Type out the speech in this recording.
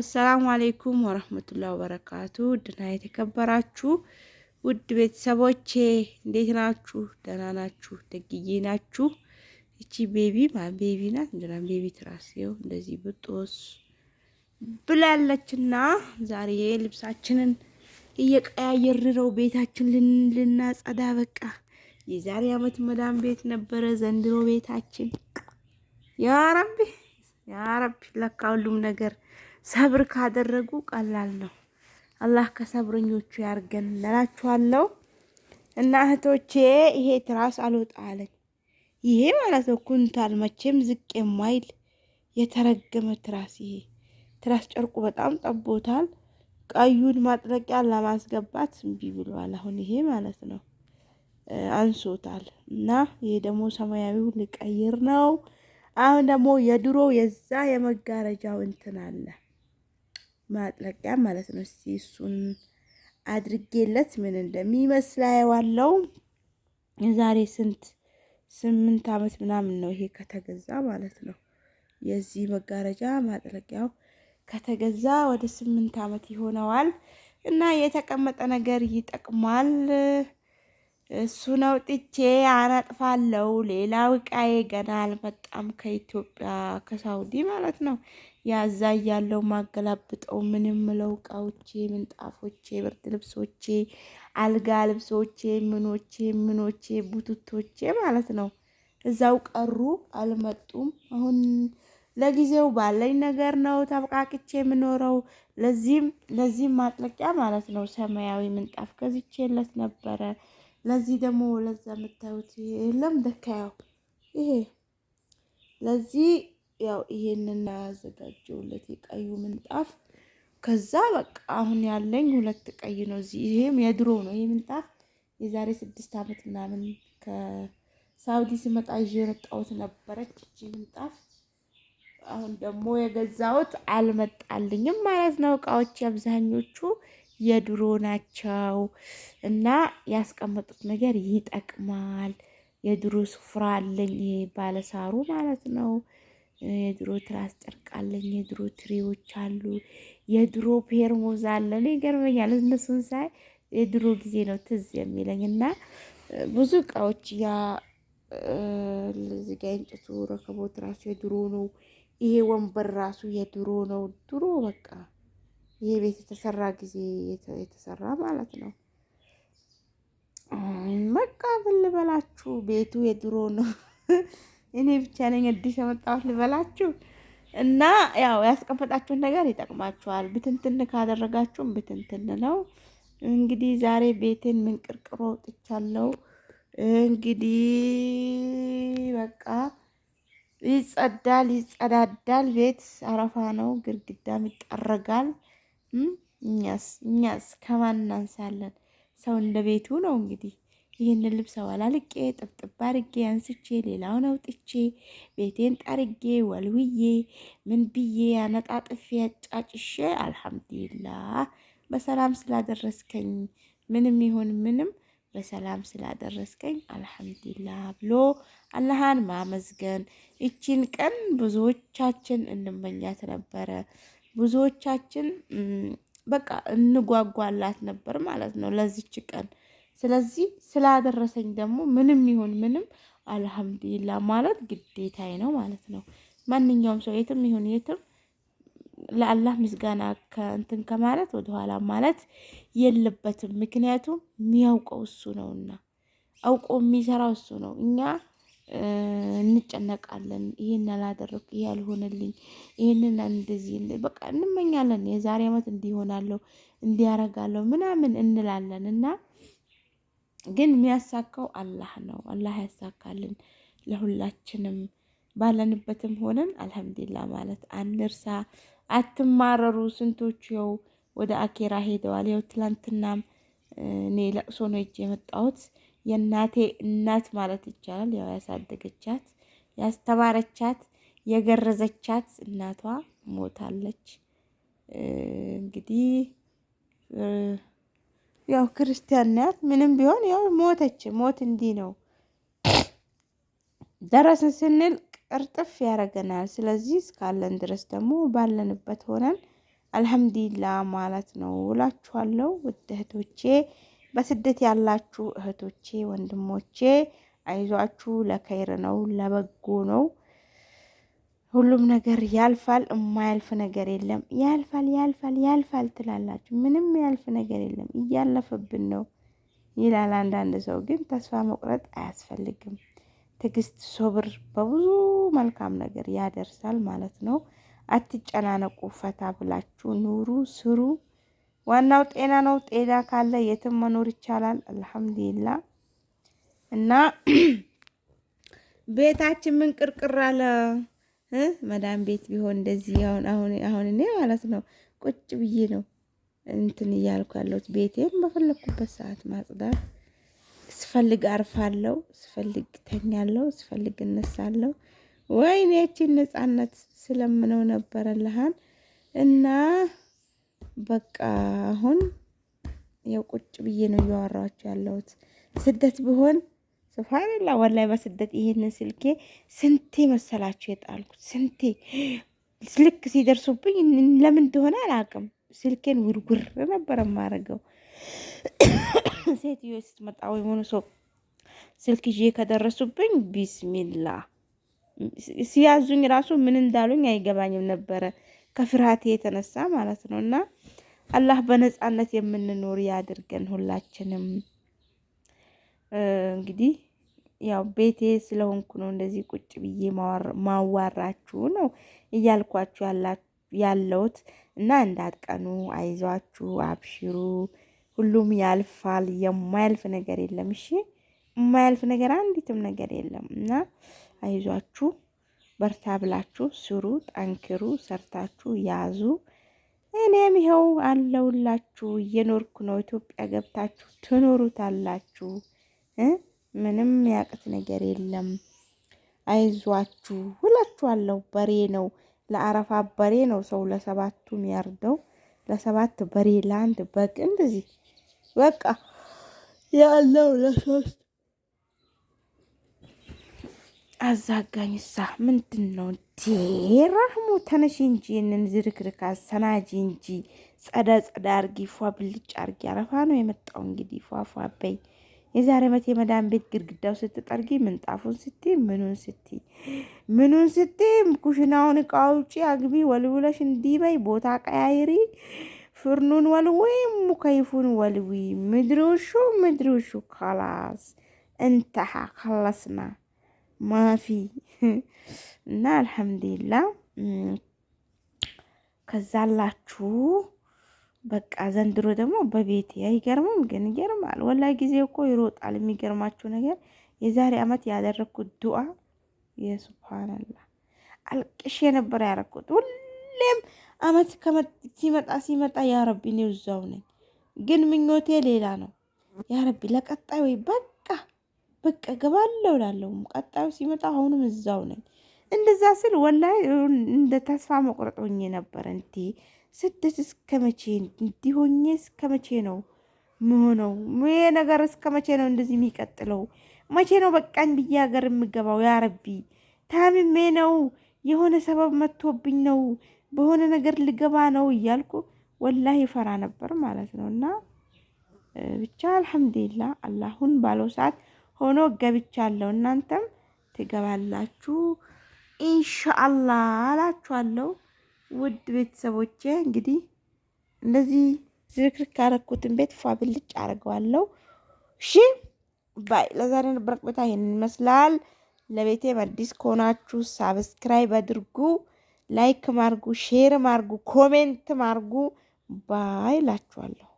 አሰላሙ አሌይኩም ወረህመቱላ ወበረካቱ ድና የተከበራችሁ ውድ ቤተሰቦቼ እንዴት ናችሁ? ደህና ናችሁ? ደግዬ ናችሁ? እቺ ቤቢ ማ ቤቢ ናት? እንጀራን ቤቢ ትራሴው እንደዚህ ብጦስ ብላለችና ዛሬ ልብሳችንን እየቀያየርን ቤታችን ልናጸዳ በቃ የዛሬ አመት መዳም ቤት ነበረ፣ ዘንድሮ ቤታችን። ያረቢ ያረቢ ለካ ሁሉም ነገር ሰብር ካደረጉ ቀላል ነው። አላህ ከሰብረኞቹ ያርገን እላችኋለሁ። እና እህቶቼ ይሄ ትራስ አልወጣ አለኝ። ይሄ ማለት ነው ኩንታል መቼም ዝቅ የማይል የተረገመ ትራስ። ይሄ ትራስ ጨርቁ በጣም ጠቦታል። ቀዩን ማጥለቂያ ለማስገባት እምቢ ብሏል። አሁን ይሄ ማለት ነው አንሶታል። እና ይሄ ደግሞ ሰማያዊው ልቀይር ነው። አሁን ደግሞ የድሮ የዛ የመጋረጃው እንትን አለ ማጥለቂያ ማለት ነው። እስቲ እሱን አድርጌለት ምን እንደሚመስል አየዋለው? የዛሬ ስንት ስምንት ዓመት ምናምን ነው ይሄ ከተገዛ ማለት ነው። የዚህ መጋረጃ ማጥለቂያው ከተገዛ ወደ ስምንት ዓመት ይሆነዋል እና የተቀመጠ ነገር ይጠቅማል። እሱን አውጥቼ አነጥፋለሁ። ሌላው እቃዬ ገና አልመጣም፣ ከኢትዮጵያ ከሳውዲ ማለት ነው። ያዛ ያለው ማገላብጠው ምንም ምለው እቃዎቼ፣ ምንጣፎቼ፣ ብርድ ልብሶቼ፣ አልጋ ልብሶቼ፣ ምኖቼ ምኖቼ ቡትቶቼ ማለት ነው እዛው ቀሩ፣ አልመጡም። አሁን ለጊዜው ባለኝ ነገር ነው ተብቃቅቼ የምኖረው። ለዚህም ለዚህም ማጥለቂያ ማለት ነው ሰማያዊ ምንጣፍ ገዝቼለት ነበረ። ለዚህ ደግሞ ለዛ የምታዩት የለም ደካ ያው ይሄ ለዚህ ያው ይሄንን ያዘጋጀውለት የቀዩ ምንጣፍ ከዛ በቃ አሁን ያለኝ ሁለት ቀይ ነው። እዚህ ይሄም የድሮ ነው። ይሄ ምንጣፍ የዛሬ ስድስት ዓመት ምናምን ከሳውዲ ስመጣ ይዤ የመጣሁት ነበረች እቺ ምንጣፍ። አሁን ደግሞ የገዛሁት አልመጣልኝም ማለት ነው። እቃዎች አብዛኞቹ የድሮ ናቸው እና ያስቀመጡት ነገር ይጠቅማል። የድሮ ስፍራ አለኝ ባለሳሩ ማለት ነው። የድሮ ትራስ ጨርቅ አለኝ። የድሮ ትሬዎች አሉ። የድሮ ፔርሞዝ አለ። እኔ ይገርመኛል እነሱን ሳይ የድሮ ጊዜ ነው ትዝ የሚለኝ እና ብዙ እቃዎች ያ እዚህ ጋ እንጨቱ ረከቦት ራሱ የድሮ ነው። ይሄ ወንበር ራሱ የድሮ ነው። ድሮ በቃ ይሄ ቤት የተሰራ ጊዜ የተሰራ ማለት ነው። በቃ ምን ልበላችሁ፣ ቤቱ የድሮ ነው። እኔ ብቻ ነኝ አዲስ የመጣሁት ልበላችሁ። እና ያው ያስቀመጣችሁን ነገር ይጠቅማችኋል። ብትንትን ካደረጋችሁም ብትንትን ነው። እንግዲህ ዛሬ ቤትን ምንቅርቅሮ ወጥቻለሁ። እንግዲህ በቃ ይጸዳል፣ ይጸዳዳል። ቤት አረፋ ነው፣ ግድግዳም ይጠረጋል። እኛስ እኛስ ከማን እናንሳለን? ሰው እንደ ቤቱ ነው እንግዲህ። ይህንን ልብስ አወላልቄ ጥብጥብ አድርጌ አንስቼ ሌላውን አውጥቼ ቤቴን ጠርጌ ወልውዬ ምን ብዬ አነጣጥፌ አጫጭሼ አልሐምዱሊላህ በሰላም ስላደረስከኝ ምንም ይሁን ምንም በሰላም ስላደረስከኝ አልሐምዱሊላህ ብሎ አላህን ማመስገን። ይቺን ቀን ብዙዎቻችን እንመኛት ነበረ። ብዙዎቻችን በቃ እንጓጓላት ነበር ማለት ነው ለዚች ቀን። ስለዚህ ስላደረሰኝ ደግሞ ምንም ይሁን ምንም አልሐምዱሊላ ማለት ግዴታዬ ነው ማለት ነው። ማንኛውም ሰው የትም ይሁን የትም ለአላህ ምስጋና ከእንትን ከማለት ወደኋላ ማለት የለበትም። ምክንያቱም የሚያውቀው እሱ ነውና አውቆ የሚሰራው እሱ ነው እኛ እንጨነቃለን። ይህን ያላደረኩ ይህ ያልሆነልኝ ይህንን እንደዚህ በቃ እንመኛለን። የዛሬ ዓመት እንዲሆናለሁ እንዲያረጋለሁ ምናምን እንላለን እና ግን የሚያሳካው አላህ ነው። አላህ ያሳካልን ለሁላችንም ባለንበትም ሆነን አልሐምዱሊላ ማለት አንርሳ፣ አትማረሩ። ስንቶቹ ያው ወደ አኬራ ሄደዋል። ያው ትላንትናም እኔ ለቅሶ ነው እጅ የመጣሁት የእናቴ እናት ማለት ይቻላል። ያው ያሳደገቻት ያስተባረቻት የገረዘቻት እናቷ ሞታለች። እንግዲህ ያው ክርስቲያን ናት። ምንም ቢሆን ያው ሞተች። ሞት እንዲህ ነው፣ ደረስን ስንል ቅርጥፍ ያደርገናል። ስለዚህ እስካለን ድረስ ደግሞ ባለንበት ሆነን አልሐምዱሊላ ማለት ነው ውላችኋለሁ ውድ እህቶቼ። በስደት ያላችሁ እህቶቼ ወንድሞቼ አይዟችሁ፣ ለከይር ነው፣ ለበጎ ነው። ሁሉም ነገር ያልፋል። የማያልፍ ነገር የለም። ያልፋል ያልፋል ያልፋል ትላላችሁ። ምንም ያልፍ ነገር የለም። እያለፈብን ነው ይላል አንዳንድ ሰው። ግን ተስፋ መቁረጥ አያስፈልግም። ትዕግስት፣ ሶብር በብዙ መልካም ነገር ያደርሳል ማለት ነው። አትጨናነቁ። ፈታ ብላችሁ ኑሩ፣ ስሩ። ዋናው ጤና ነው። ጤና ካለ የትም መኖር ይቻላል። አልሐምዱሊላ እና ቤታችን ምን ቅርቅር አለ። መዳም ቤት ቢሆን እንደዚህ አሁን አሁን እኔ ማለት ነው ቁጭ ብዬ ነው እንትን እያልኩ ያለሁት ቤቴን በፈለግኩበት ሰዓት ማጽዳት ስፈልግ አርፋለሁ፣ ስፈልግ ተኛለሁ፣ ስፈልግ እነሳለሁ። ወይኔ ያቺን ነጻነት ስለምነው ነበረ ልሃን እና በቃ አሁን ያው ቁጭ ብዬ ነው እያወራኋቸው ያለሁት። ስደት ብሆን ስብሓንላ ወላይ በስደት ይሄንን ስልኬ ስንቴ መሰላችሁ የጣልኩት ስንቴ ልክ ሲደርሱብኝ ለምን እንደሆነ አላውቅም። ስልኬን ውርውር ነበረ ማረገው። ሴትዮ ስትመጣ ወይ ሆኖ ሰው ስልክ ይዤ ከደረሱብኝ ቢስሚላ ሲያዙኝ ራሱ ምን እንዳሉኝ አይገባኝም ነበረ ከፍርሃቴ የተነሳ ማለት ነው እና አላህ በነጻነት የምንኖር ያድርገን ሁላችንም። እንግዲህ ያው ቤቴ ስለሆንኩ ነው እንደዚህ ቁጭ ብዬ ማዋራችሁ ነው እያልኳችሁ ያለውት እና እንዳትቀኑ፣ አይዟችሁ፣ አብሽሩ። ሁሉም ያልፋል። የማያልፍ ነገር የለም። እሺ፣ የማያልፍ ነገር አንዲትም ነገር የለም እና አይዟችሁ፣ በርታ ብላችሁ ስሩ፣ ጠንክሩ፣ ሰርታችሁ ያዙ። እኔም ይኸው አለውላችሁ እየኖርኩ ነው። ኢትዮጵያ ገብታችሁ ትኖሩታላችሁ። ምንም ያቅት ነገር የለም። አይዟችሁ አለው በሬ ነው ለአረፋ በሬ ነው ሰው ለሰባቱ የሚያርደው ለሰባት በሬ ለአንድ በግ እንደዚህ በቃ ያለው ለሶስት አዛጋኝሳ ምንድን ነው ዴራህሙ ተነሽ እንጂ ንን ዝርክርክ አሰናጂ እንጂ ጸዳ ጸዳ አርጊ ፏ ብልጭ አርጊ። አረፋ ነው የመጣው እንግዲህ ፏፏ በይ። የዛሬ ዓመት የመዳን ቤት ግድግዳው ስትጠርጊ ምንጣፉን ስቲ ምኑን ስቲ ምኑን ስቲ ኩሽናውን እቃ ውጪ አግቢ ወልውለሽ እንዲበይ ቦታ ቀያይሪ ፍርኑን ወልዊ ሙከይፉን ወልዊ ምድርሹ ምድርሹ ካላስ እንተሓ ካላስና ማፊ እና አልሐምዱሊላ ከዛላችሁ በቃ ዘንድሮ ደግሞ በቤቴ አይገርምም፣ ግን ይገርማል። ወላይ ጊዜ እኮ ይሮጣል። የሚገርማችሁ ነገር የዛሬ አመት ያደረግኩት ዱዓ የሱብሃንላ አልቅሽ የነበረ ያረግኩት ሁሌም አመት ሲመጣ ሲመጣ ያረቢ እኔ እዛው ነኝ፣ ግን ምኞቴ ሌላ ነው። ያረቢ ለቀጣይ ወይ በቃ ገባለው ላለው ቀጣዩ ሲመጣ አሁንም እዛው ነኝ። እንደዛ ስል ወላሂ እንደ ተስፋ መቁረጦኝ ነበር። እንዴ ስደት እስከ መቼ እንዲሆኜ እስከ መቼ ነው ምሆነው? ይሄ ነገር እስከ መቼ ነው እንደዚህ የሚቀጥለው? መቼ ነው በቃኝ ብዬ ሀገር የምገባው? ያረቢ ረቢ ታምሜ ነው የሆነ ሰበብ መጥቶብኝ ነው በሆነ ነገር ልገባ ነው እያልኩ ወላ ይፈራ ነበር ማለት ነው። እና ብቻ አልሐምዱሊላህ አላሁን ባለው ሰዓት ሆኖ ገብቻለሁ። እናንተም ትገባላችሁ ኢንሻአላህ አላችኋለሁ። ውድ ቤተሰቦቼ እንግዲህ እንደዚህ ዝርክርክ ካረኩትን ቤት ፏ ብልጭ አድርገዋለሁ። እሺ ባይ ለዛሬ ነበር ቆይታ ይሄን ይመስላል። ለቤቴ አዲስ ከሆናችሁ ሳብስክራይብ አድርጉ፣ ላይክ ማርጉ፣ ሼር ማርጉ፣ ኮሜንት ማርጉ። ባይ ላችኋለሁ።